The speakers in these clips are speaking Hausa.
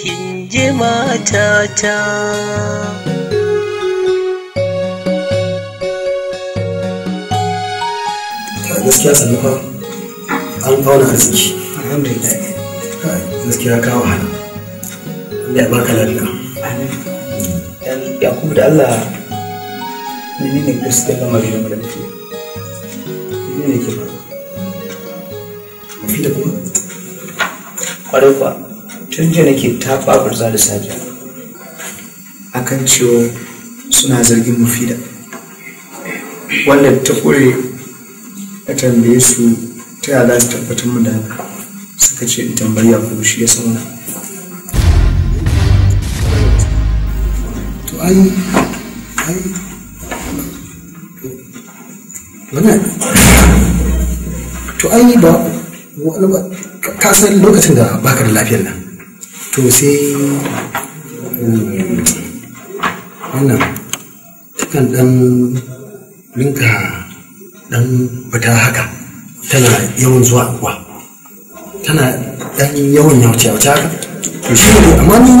kin ji matata gaskiya sanufa an arziki alhamdulillah gaskiya ya baka da Allah ne ne ke mafi da tun jiya nake taɓa za da safiya akan cewa suna zargin mufida Wannan ta kore a tambaye su ta yaya za su tabbatar mu da suka ce in tambaya ko shi ya sauna to ai ai to ai ba ka san lokacin da baka da lafiyar nan to sai hmm, wannan takan dan rinka dan fita haka tana yawan zuwa kuwa tana dan yawan haka to shi ne amma ni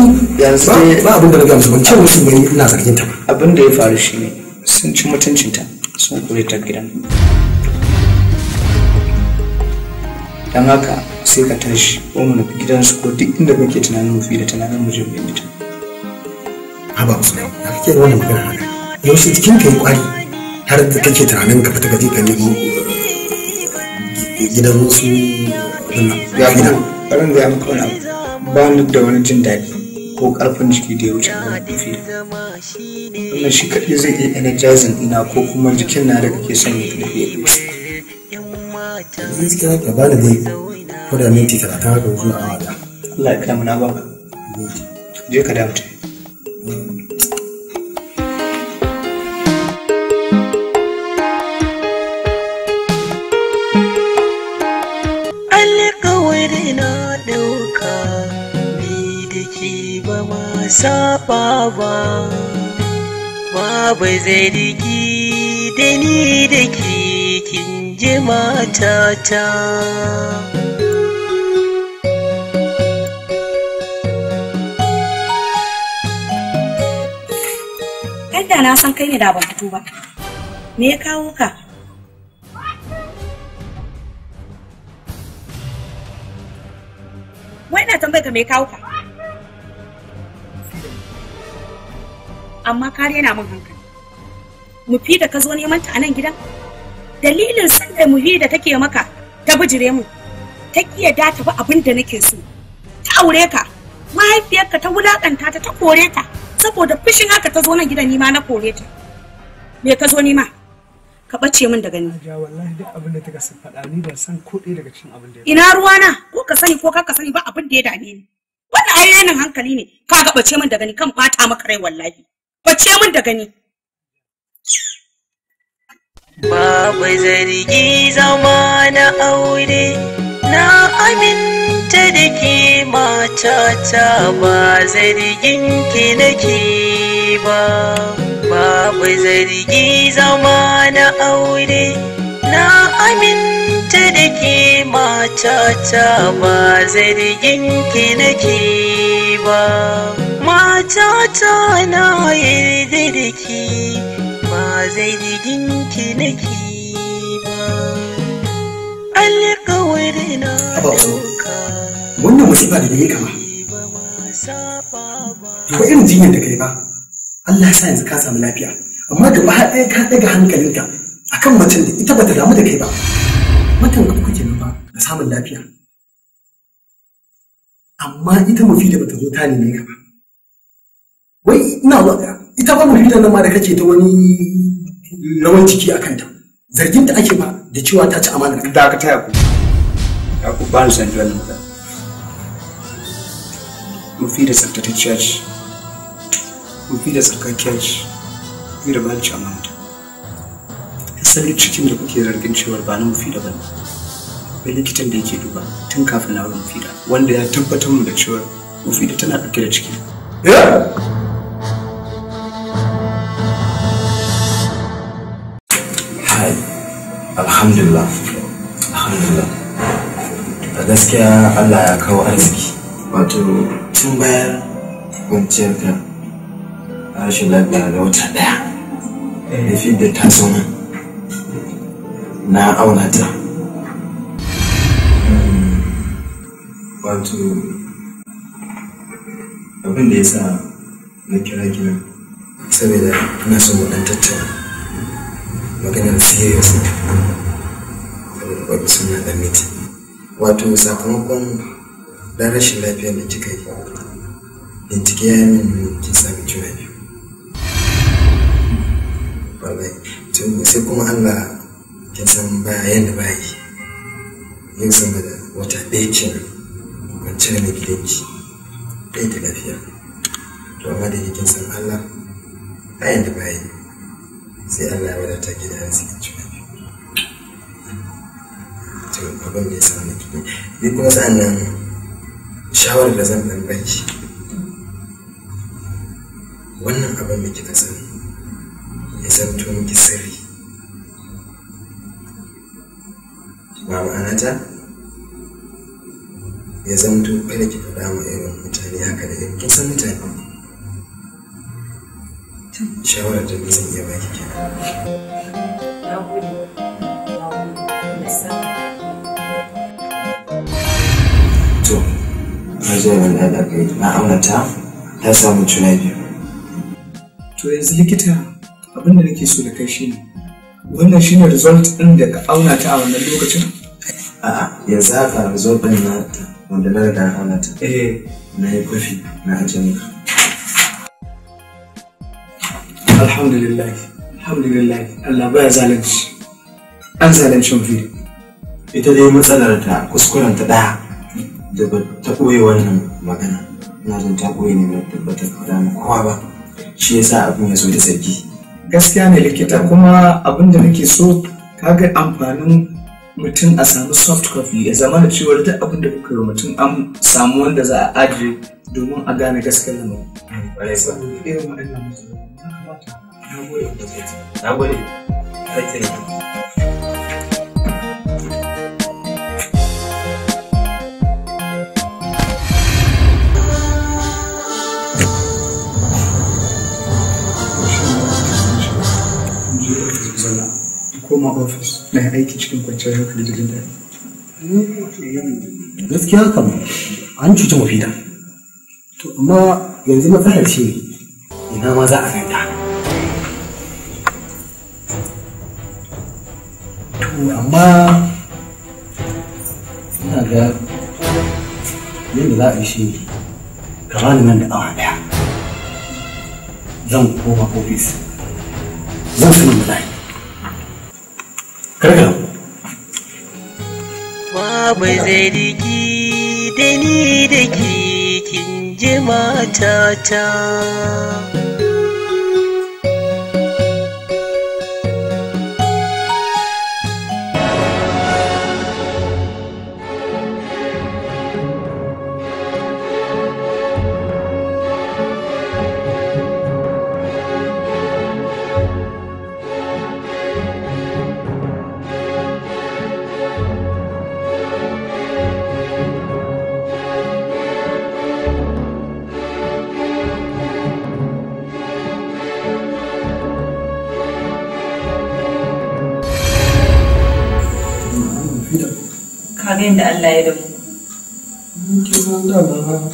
ba abin da na gamsu ban ce musu mai ina zargin ta ba abin da ya faru shi ne sun ci mutuncinta sun kore ta gidan don haka sai ka tashi ko mu nufi gidansu ko duk inda kake tunanin mu fi da tunanin mu je mu yi haba Usman, na kake ruwan wannan magana haka yaushe cikin ka yi kwari har da kake tunanin ka fita gaji ka nemo eh, gidan su ya gida Karin da ya maka ba ni da wani jin daɗi ko karfin jiki da ya wuce ga wani fi wannan shi kaɗai zai iya energizing ina ko kuma jikin na da kake son ya fi gaskiya ka bani dai ko da minti talatin haka zuwa awa da Allah ya kama na baka je ka damu Alƙawari na ɗauka ni da ke ba ma saba ba, ba ba zai da ni da ke je matata Kada na san kai ne da ban fito ba. Me ya kawo ka? Wai na tambayar ka me ya kawo ka? Amma kare yana mun hankali. Mu fi da ka zo neman ta a nan gidan? dalilin sanda muhi da take maka ta bijire mu ta kiya da ta bi abin da nake so ta aure ka mahaifiyarka ta wulakanta ta ta kore ta saboda fushin haka ta zo nan gidan nima na kore ta me ka zo nima ka bace min daga ni ja wallahi duk abin da take faɗa ni ban san ko ɗaya daga cikin abin da ina na ko ka sani ko ka sani ba abin da ya dame ni wannan ayyanin hankali ne ka ga bace min daga ni kan bata maka rai wallahi bace min daga ni babu zargi zama na aure na aminta da ke matata ba zargin ki nake ba babu zargi zama na aure na aminta da ke matata ba zargin ki nake ba matata na yarda da zargin ki nake ba alƙawari na ɗauka wannan musiba da gare kama ko irin jinyar da kai ba Allah ya sa yanzu ka samu lafiya amma gaba ɗaya ka ɗaga hankalinka akan macen da ita bata damu da kai ba matan ka kuke ba na samun lafiya amma ita mafi da bata zo ta ne ka ba wai ina ita ba mafi da nan ma da kake ta wani rawan ciki a kanta zargin da ake ba da cewa ta ci amana da aka taya ku ya ku ba ni sanji ba magana fi da tsaftatacciya mu fi da tsarkakkiya ce mu da ba ci amana asalin cikin da kuke zargin cewar ba na fi da ba ne likitan da yake duba tun kafin na fida. wanda ya tabbatar mu da cewa da tana ɗauke da ciki. Yeah! alhamdulillah alhamdulillah a gaskiya allah ya kawo arziki wato tun bayan kwanciyar ka rashin lafiya da wata daya da fi da ta zauna na auna wato abin da ya sa na kira kira saboda ina son waɗantattawa maganar sirius taɓa suna da miti wato sakamakon da rashin lafiyar da kika yi bincike ya yi kin sami juna biyu wallahi sai kuma allah kin san ba yadda ba yi yin sama da wata ɗaya kenan wancan na gidanki ɗaya da lafiya to amma da kin san allah a yadda ba yi sai allah ya wadata gidan su cikin abin da ya sa miki ni kuma sa'an nan shawarar da zan ɗan baki wannan abin da kika sani ya zanto miki sirri ba ma'anata ya zanto kada ki faɗa ma irin mutane haka da kin san mutane shawarar da zan iya baki kenan na gode rajin da aka yi na aunata ta samu juna biyu. To yanzu likita abin da nake so da kai ne, wannan shi ne result ɗin da ka auna ta a wannan lokacin? A'a yanzu haka result ɗin na wanda na riga auna ta. Eh na yi kwafi na ajiye maka. Alhamdulillah, alhamdulillah, Allah baya zalunci. An zalunci mafi. Ita dai matsalar ta kuskuren ta ɗaya. da ba ta ɓoye wannan magana Ina jin ta ɓoye ne mai tabbatar faɗa mu kowa ba shi yasa abin ya so da sarki gaskiya ne likita kuma abin da nake so kaga amfanin mutum a samu soft copy ya zama da cewa duk abin da kuka yi mutum an samu wanda za a ajiye domin a gane gaskiyar lamarin. Irin waɗannan mutane. Na gode. Na gode. koma ofis na aiki cikin kwanciyar hankali da jin daɗi. Gaskiya kam an cuci mafita. To amma yanzu matsalar ce ina ma za a ganta. To amma ina ga yadda za a yi shi ne kamar nan da awa daya. Zan koma ofis. Zan sanin da Karka. Babu zargi da ni da ke kin ji matata. ga da Allah ya damu ke zan da ba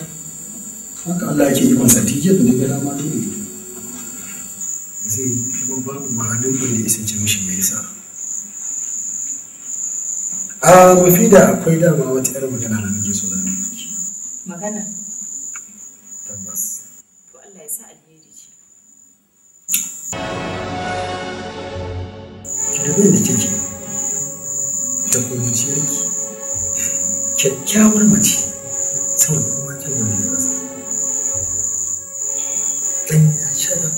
haka Allah yake yi masa tijiyar da daga dama dole zai kuma babu mahalin da ya sace mishi mai sa. a mafi da akwai dama wata yar magana na nake so zan yi magana tabbas to Allah ya sa alheri ce ki da da kike kyakkyawar mace sama da kowa ta nuna da maza ɗan ya shara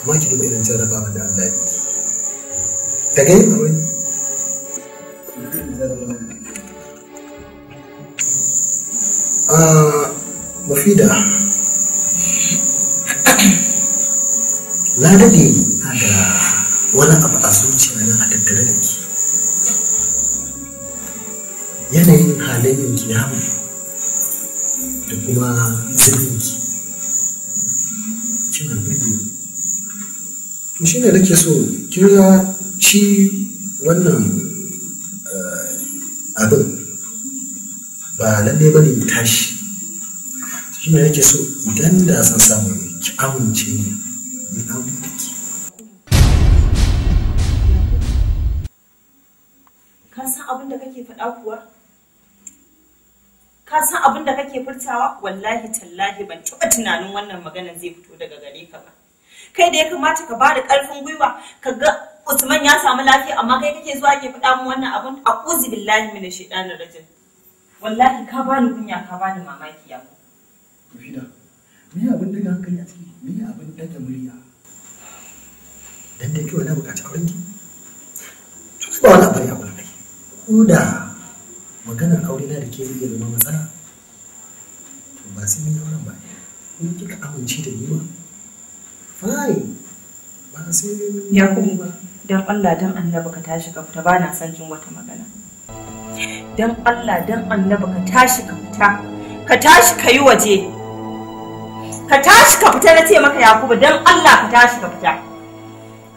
amma ki duba irin jarrabawa da Allah ya daga yin aure mafida na dade to shi ne nake so kira shi wannan eh, abin ba lalle ba ne tashi shi ne nake so idan da san samu ki amince ni ni amince ka san abin da kake faɗa kuwa ka san abin da kake furtawa wallahi tallahi ban taɓa tunanin wannan maganar zai fito daga gare ka ba kai da ya kamata ka bada ƙarfin gwiwa ka ga Usman ya samu lafiya amma kai kake zuwa ke faɗa min wannan abun a uzi billahi mina da rajin wallahi ka bani kunya ka bani mamaki ya ku Rufina me abin daga hankali a ciki me abin ta murya dan da kiwa na bukaci aurenki ki to ba wani abin ya bari ko da maganar aure na da ke zai zama matsala to ba sai mun yawon ba in kika amince da ni ba fine ba sai mun ya kuma ba dan Allah dan annabi ka tashi ka fita ba na son jin wata magana dan Allah dan annabi ka tashi ka fita ka tashi ka yi waje ka tashi ka fita na ce maka Yakubu dan Allah ka tashi ka fita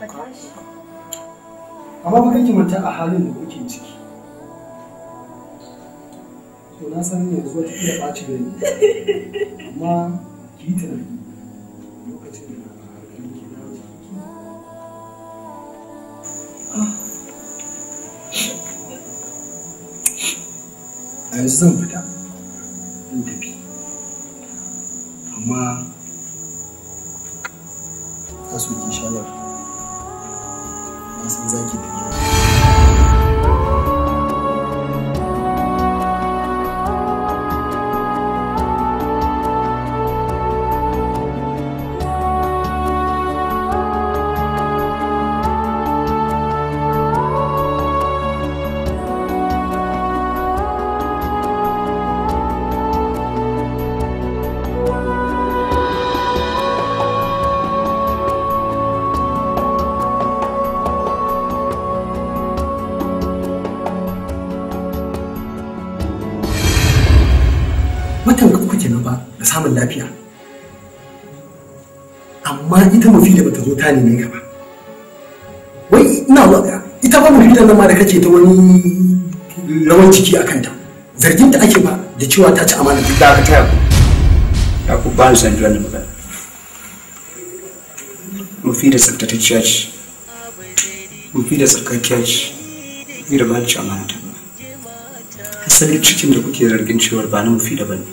ka tashi amma ba kake manta a halin da to na san yanzu wata iya ɓacin rai amma ki yi tunani lokacin da na harkar ki na ah. a yanzu zan fita ta neme gaba wai ina ita ba mu gidan nan ma da kake ta wani rawan ciki a kanta zargin ta ake ba da cewa ta ci amana duk da aka taya ku ya ku ba ni san ba magana fi da tsaftatacciya ce fi da tsarkakiya ce mu da ba ni ci amana ta ba asalin cikin da kuke zargin cewar ba mu fi da ba ne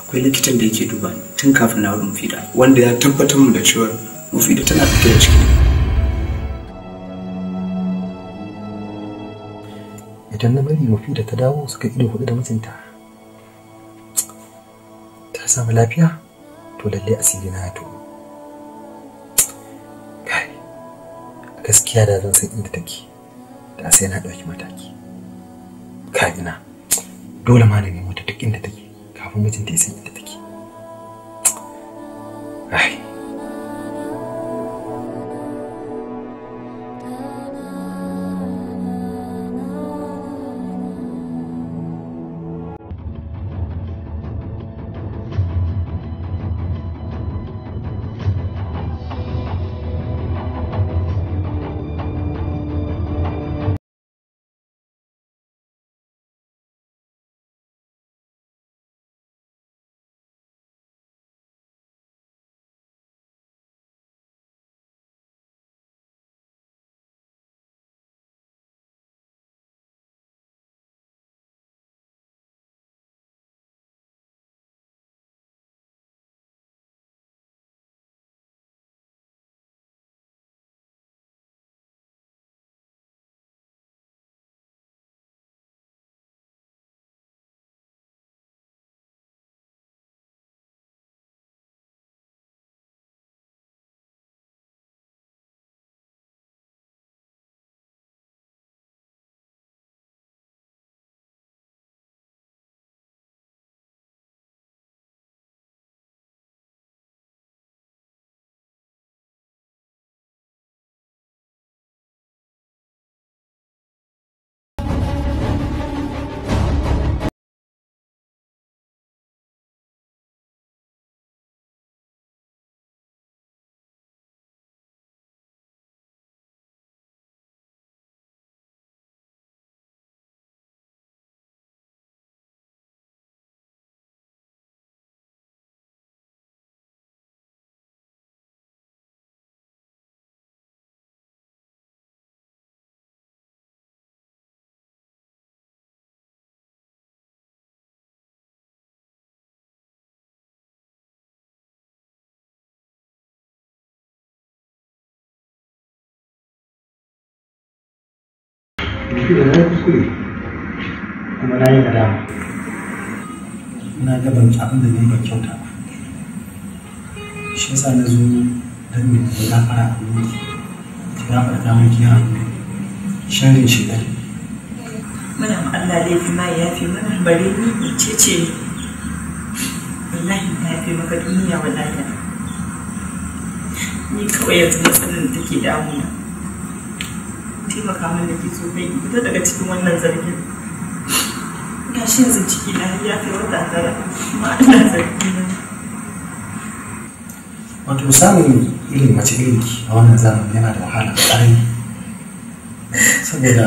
akwai likitan da yake duba tun kafin na fi da wanda ya tabbatar mu da cewar mufida tana fita da ciki idan na bari da ta dawo suka ido hudu da mijinta ta samu lafiya to lalle asiri na to kai gaskiya da zan san inda take da sai na dauki mataki kai na, dole ma na nemo ta duk inda take kafin mijinta ya san inda take ai kuskure na kuskure kuma na yi nadama na gaban abin da na yi kyauta shi yasa na zo don mai da gafara a wuri ya farta mun kiya sharin shi ɗan muna ma Allah laifi ma ya fi mana bare ni ce ce wallahi ya fi maka duniya wallahi ni kawai yanzu matsalar da take damuna taimaka min da ke so bai fita daga cikin wannan zargin ga shi yanzu ciki na ya kai wata tara kuma ana zargi wato samun irin mace irin ki a wannan zamani yana da wahala ƙwarai saboda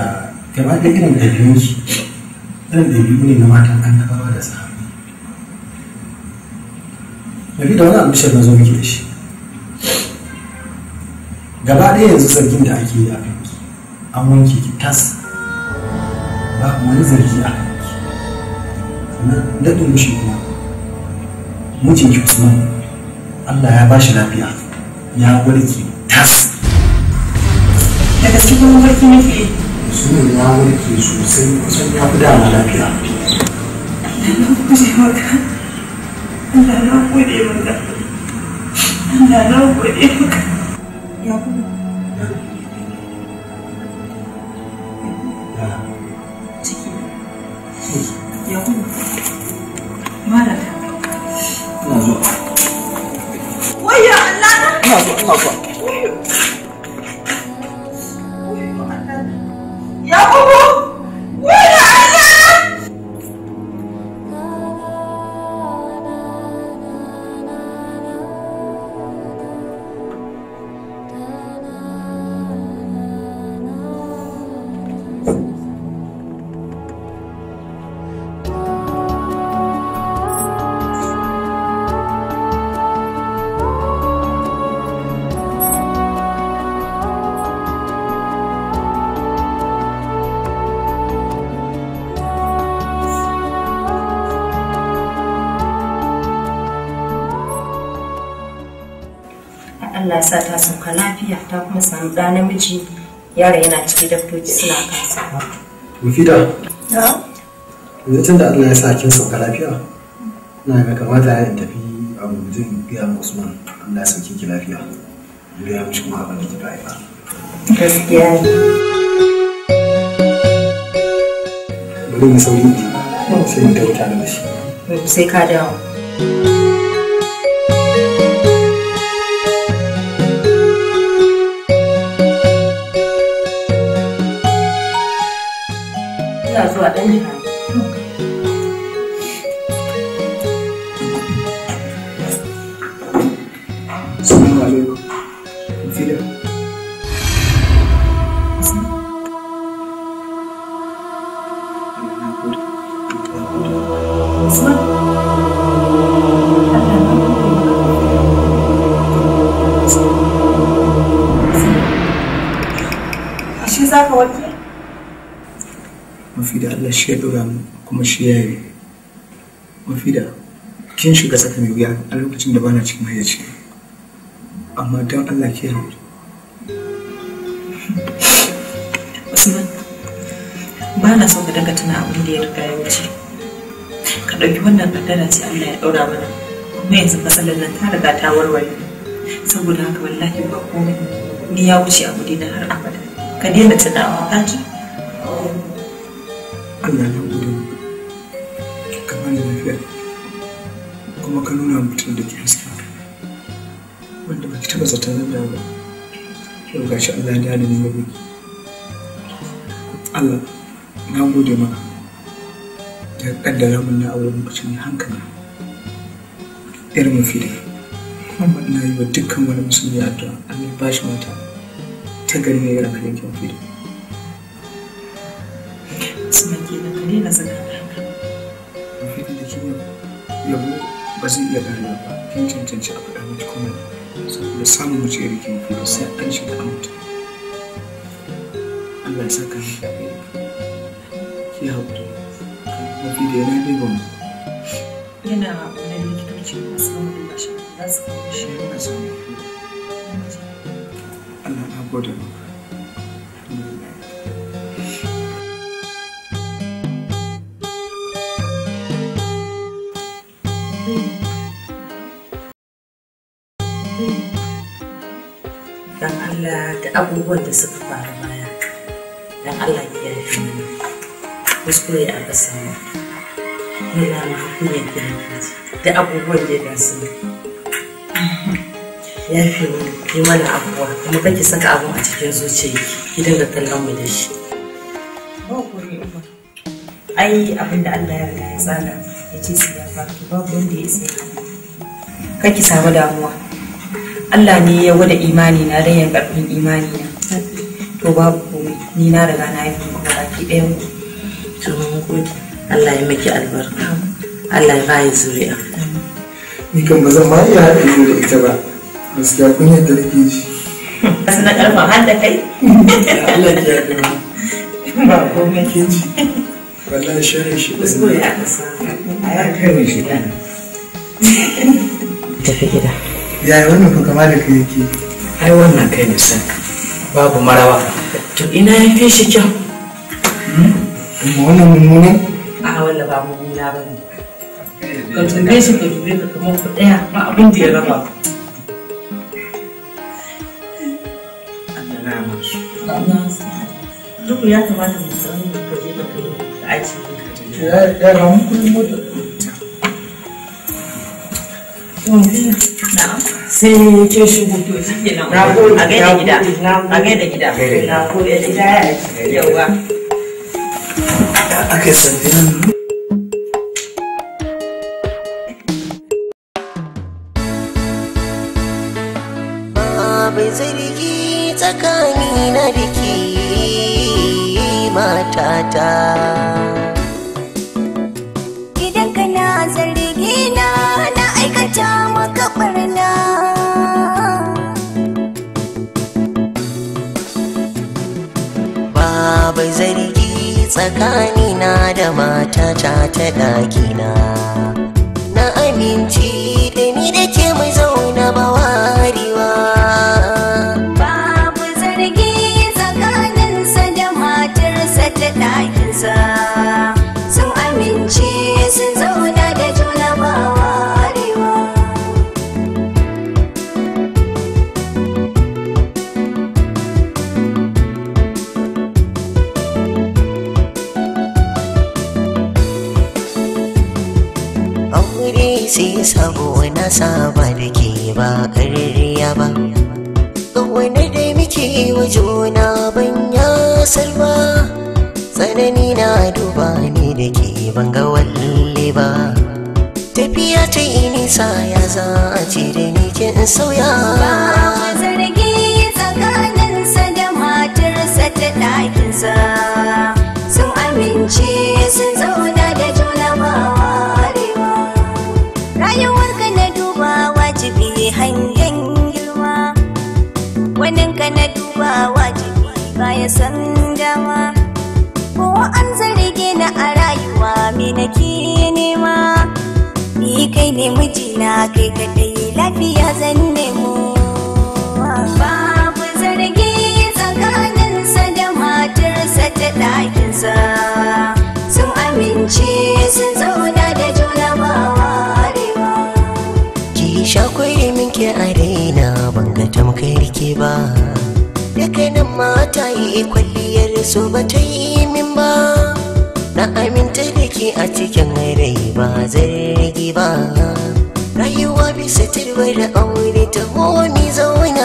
gaba ɗaya irin ɗabi'un ki irin ɗabi'u ne na matan annabawa da sahabi Nabi da wani shi na zo miki da shi gaba ɗaya yanzu zargin da ake yi a an wanke ki tas babu wani zargi a kan ki sannan daɗin mishi kuma mijinki usman allah ya bashi lafiya ya warke tas da gaske kuma warke nake usman ya warke sosai kusan ya fi dama lafiya Allah na gode maka Allah na gode maka Allah na gode maka ya kuma 慢点。你老做。我也了。你做，你做。Allah ya sa ta sauka lafiya ta kuma samu ɗa namiji yara yana ciki daftoci suna kasa. Mufida. Ya. Yanzu da Allah ya sa kin sauka lafiya. Ina ga kamata ya tafi a rubutun biya Usman Allah ya sauke ki lafiya. Biya mishi kuma abin da ki ba. Gaskiya ne. Bari mu sauri sai mu ta mutane da shi. Sai ka dawo. to our own family. shi ya mu kuma shi ya yi mafi da. kin shiga tsaka mai wuya a lokacin da bana cikin hayyaci amma don allah ke hauri usman ba na son ka daga tuna abin da ya riga ya wuce ka ɗauki wannan kaddara ce allah ya ɗaura mana kuma yanzu matsalar nan ta riga ta warware saboda haka wallahi ba komai ni ya wuce abu na har abada ka daina tunawa ka ji Allah ya gode mu ka bani lafiya kuma ka nuna mutum da ke haske wanda ba ki taɓa zaton nan da ba yau ga shi Allah ya da ni gobe Allah na gode maka da kaddara mun na auren mutum ne hankali irin mafi da kuma na yi wa dukkan wani musulmi addu'a Allah ya ba shi mata ta gari ya ga alhalin kyau fi daina zaka haka mafi da kin yabo ba zai iya gane ba kin cancanci a faɗa miki kuma saboda samun mace da kin fi sai an shiga an mutu Allah ya saka ni da ki haƙuri mafi da yana dai ban yana wani likitoci masu wani duba shi za su kawo shi yana samun Allah ya gode ba. abubuwan da suka faru baya don Allah ki ya fi mana, kuskure a ƙasa ne ni na ma kunyar ki kaji da abubuwan da ya su ya fi ni ki mana abuwa kuma kake saka abun a cikin zuciyarki ki dinga kallon mu da shi ba ku ne uba ai abinda Allah ya riga ya tsara ya ce su ya faru babu wanda ya tsaye kake samu damuwa Allah ne ya wada imani na rayan karfin imani na to ni na riga na yi kuma baki ɗaya mu to mun Allah ya maki albarka Allah ya bayi zuri'a ni kan ba zan ma iya haɗa ido da ita ba gaskiya kun yadda nake shi kasu na karfa har da kai Allah ya yi ba ko komai ke ji wallahi shirin shi kuskure aka samu a ya kai shi ɗan tafi gida yaya wannan fa kama da kai yake ai wannan kai ne sai babu marawa to ina ya fi shi kyau hmm? wannan mummuna a wannan ba mummuna ba ne ka tambaye shi ka dube ka kamar ku daya ba abin da ya raba duk ya kamata mu san ka je ka kai ka ya ya kullum na'am sai ke shigo na shikenan a gaida gida a gaida gida na gode gida yawa aka sanya tsakanina da matata ta ɗakina na aminci waninka na duba wajibi baya san dama ko an zarge na a rayuwa me nake nema ni kai ne mijina kai kadai lafiya zan nemo babu zargi tsakaninsa da matarsa ta ɗakinsa sun amince sun zauna da juna ba warewa ki shakwai minke a daina ban ga tamkar ke ba da ma mata yi kwalliyar su ba ta yi min ba na aminta da ke a cikin rai ba zargi ba rayuwa bisa turbar aure ta homi zauna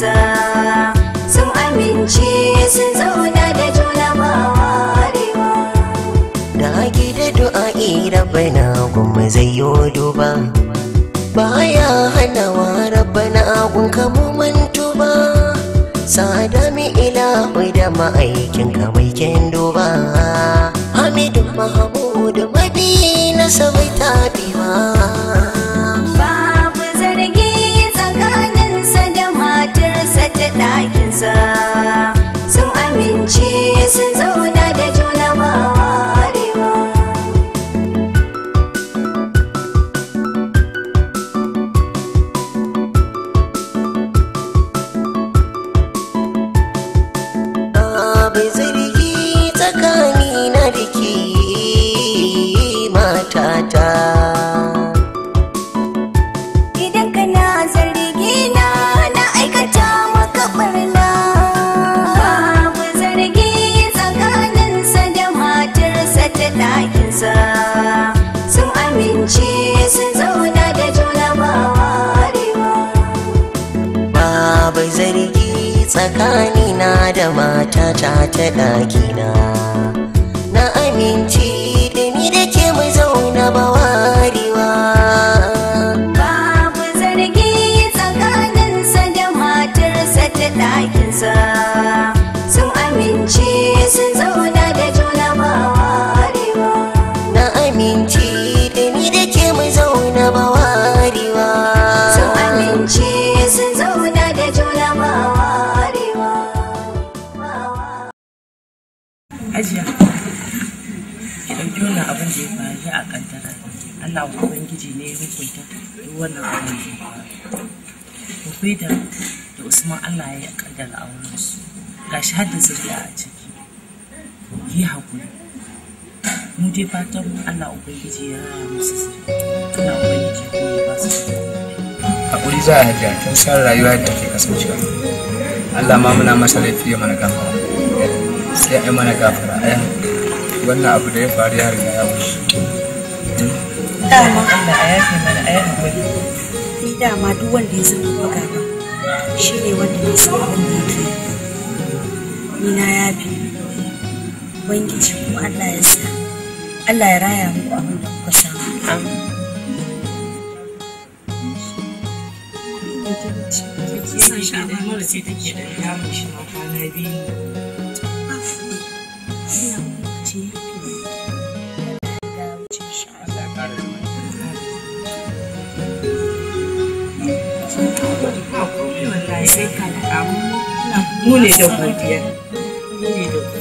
maza sun amince sun zauna da juna ba warewa da haƙi da du'a'i rabbana kuma zai yi duba baya hanawa rabbana gun kamu mantu ba mai ilahu da ma'aikin kamai ken duba hamidu mahamudu mabi na sabai tabiwa tsakanina da matata ta ɗakina na aminci hukunta wannan abin zai faru Rufaida da Usman Allah ya kaddara auren su gashi zuriya a ciki yi hakuri mu dai fatan Allah ubangiji ya rara musu zuriya ubangiji ko ya ba su hakuri za a hajiya kin san rayuwa da ke kasancewa Allah ma muna masa laifi ya mana gafara sai ai mana gafara ai wannan abu da ya faru ya riga ya wuce dama Allah a yafe mana a yafe mana ni dama duk wanda ya zama buga ba shi ne wanda bai san abin da yake ni na yafe ubangiji ko Allah ya sa Allah ya raya muku abin da kuka samu Kisan sha da shi biyu. wallahi sai ka mu ne da godiya mu